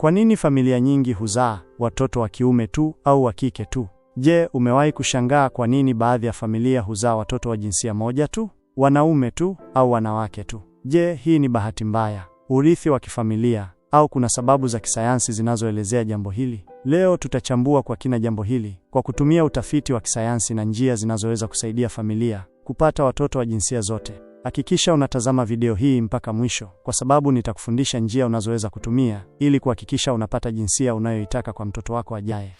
Kwa nini familia nyingi huzaa watoto wa kiume tu au wa kike tu? Je, umewahi kushangaa kwa nini baadhi ya familia huzaa watoto wa jinsia moja tu, wanaume tu au wanawake tu? Je, hii ni bahati mbaya, urithi wa kifamilia au kuna sababu za kisayansi zinazoelezea jambo hili? Leo tutachambua kwa kina jambo hili kwa kutumia utafiti wa kisayansi na njia zinazoweza kusaidia familia kupata watoto wa jinsia zote. Hakikisha unatazama video hii mpaka mwisho, kwa sababu nitakufundisha njia unazoweza kutumia ili kuhakikisha unapata jinsia unayoitaka kwa mtoto wako ajaye.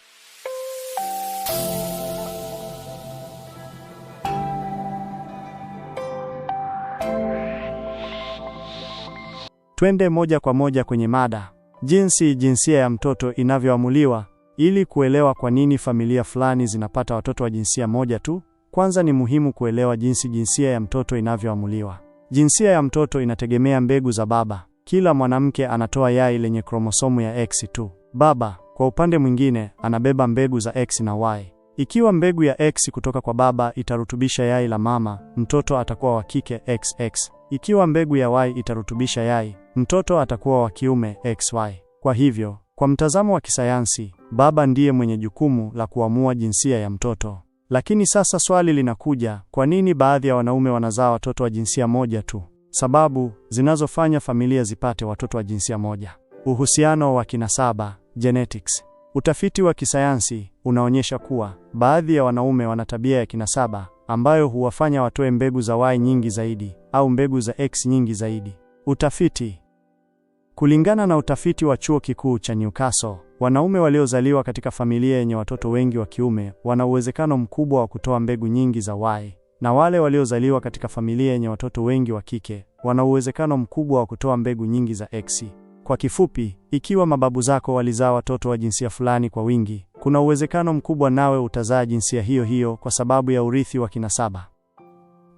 Twende moja kwa moja kwenye mada, jinsi jinsia ya mtoto inavyoamuliwa. Ili kuelewa kwa nini familia fulani zinapata watoto wa jinsia moja tu kwanza ni muhimu kuelewa jinsi jinsia ya mtoto inavyoamuliwa. Jinsia ya mtoto inategemea mbegu za baba. Kila mwanamke anatoa yai lenye kromosomu ya X tu. Baba, kwa upande mwingine, anabeba mbegu za X na Y. Ikiwa mbegu ya X kutoka kwa baba itarutubisha yai la mama, mtoto atakuwa wa kike XX. Ikiwa mbegu ya Y itarutubisha yai, mtoto atakuwa wa kiume XY. Kwa hivyo, kwa mtazamo wa kisayansi, baba ndiye mwenye jukumu la kuamua jinsia ya mtoto. Lakini sasa swali linakuja, kwa nini baadhi ya wanaume wanazaa watoto wa jinsia moja tu? Sababu zinazofanya familia zipate watoto wa jinsia moja: uhusiano wa kinasaba, genetics. Utafiti wa kisayansi unaonyesha kuwa baadhi ya wanaume wana tabia ya kinasaba ambayo huwafanya watoe mbegu za Y nyingi zaidi au mbegu za X nyingi zaidi. Utafiti. Kulingana na utafiti wa chuo kikuu cha Newcastle Wanaume waliozaliwa katika familia yenye watoto wengi wa kiume wana uwezekano mkubwa wa kutoa mbegu nyingi za Y, na wale waliozaliwa katika familia yenye watoto wengi wa kike wana uwezekano mkubwa wa kutoa mbegu nyingi za X. Kwa kifupi, ikiwa mababu zako walizaa watoto wa jinsia fulani kwa wingi, kuna uwezekano mkubwa nawe utazaa jinsia hiyo hiyo kwa sababu ya urithi wa kinasaba.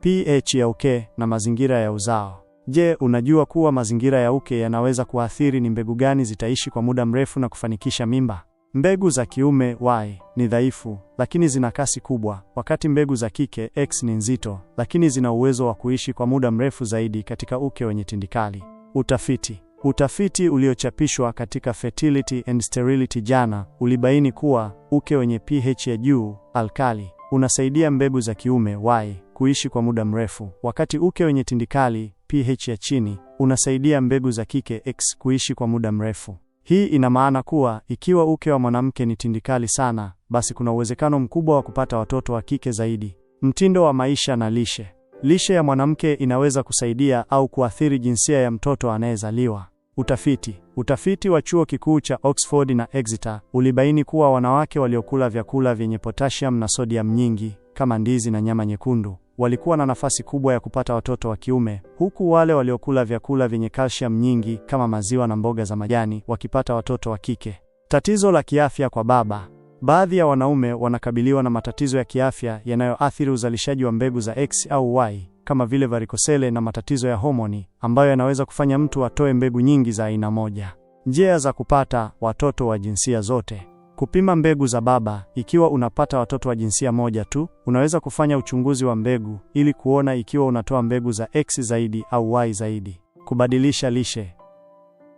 pH ya uke na mazingira ya uzao. Je, unajua kuwa mazingira ya uke yanaweza kuathiri ni mbegu gani zitaishi kwa muda mrefu na kufanikisha mimba? Mbegu za kiume Y ni dhaifu lakini zina kasi kubwa, wakati mbegu za kike X ni nzito lakini zina uwezo wa kuishi kwa muda mrefu zaidi katika uke wenye tindikali. Utafiti utafiti uliochapishwa katika Fertility and Sterility jana ulibaini kuwa uke wenye pH ya juu alkali unasaidia mbegu za kiume Y kuishi kwa muda mrefu, wakati uke wenye tindikali pH ya chini unasaidia mbegu za kike X kuishi kwa muda mrefu. Hii ina maana kuwa ikiwa uke wa mwanamke ni tindikali sana, basi kuna uwezekano mkubwa wa kupata watoto wa kike zaidi. Mtindo wa maisha na lishe. Lishe ya mwanamke inaweza kusaidia au kuathiri jinsia ya mtoto anayezaliwa. Utafiti. Utafiti wa chuo kikuu cha Oxford na Exeter ulibaini kuwa wanawake waliokula vyakula vyenye potassium na sodium nyingi kama ndizi na nyama nyekundu walikuwa na nafasi kubwa ya kupata watoto wa kiume, huku wale waliokula vyakula vyenye calcium nyingi kama maziwa na mboga za majani wakipata watoto wa kike. Tatizo la kiafya kwa baba. Baadhi ya wanaume wanakabiliwa na matatizo ya kiafya yanayoathiri uzalishaji wa mbegu za X au Y kama vile varikosele na matatizo ya homoni ambayo yanaweza kufanya mtu atoe mbegu nyingi za aina moja. Njia za kupata watoto wa jinsia zote. Kupima mbegu za baba. Ikiwa unapata watoto wa jinsia moja tu, unaweza kufanya uchunguzi wa mbegu ili kuona ikiwa unatoa mbegu za X zaidi au Y zaidi. Kubadilisha lishe.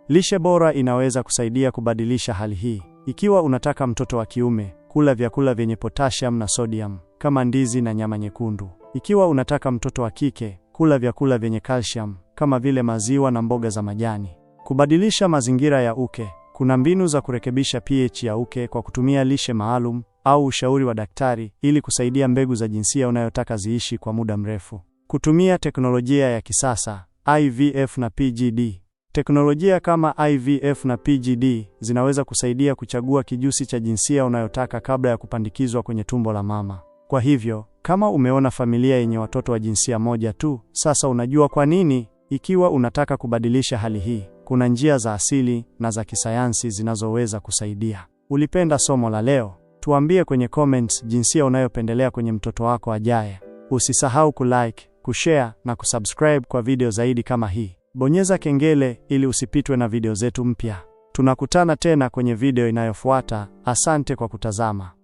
Lishe bora inaweza kusaidia kubadilisha hali hii. Ikiwa unataka mtoto wa kiume, kula vyakula vyenye potassium na sodium kama ndizi na nyama nyekundu. Ikiwa unataka mtoto wa kike, kula vyakula vyenye calcium kama vile maziwa na mboga za majani. Kubadilisha mazingira ya uke. Kuna mbinu za kurekebisha pH ya uke kwa kutumia lishe maalum au ushauri wa daktari ili kusaidia mbegu za jinsia unayotaka ziishi kwa muda mrefu. Kutumia teknolojia ya kisasa, IVF na PGD. Teknolojia kama IVF na PGD zinaweza kusaidia kuchagua kijusi cha jinsia unayotaka kabla ya kupandikizwa kwenye tumbo la mama. Kwa hivyo, kama umeona familia yenye watoto wa jinsia moja tu, sasa unajua kwa nini ikiwa unataka kubadilisha hali hii kuna njia za asili na za kisayansi zinazoweza kusaidia. Ulipenda somo la leo? Tuambie kwenye comments jinsia unayopendelea kwenye mtoto wako ajaye. Usisahau kulike, kushare na kusubscribe kwa video zaidi kama hii. Bonyeza kengele ili usipitwe na video zetu mpya. Tunakutana tena kwenye video inayofuata. Asante kwa kutazama.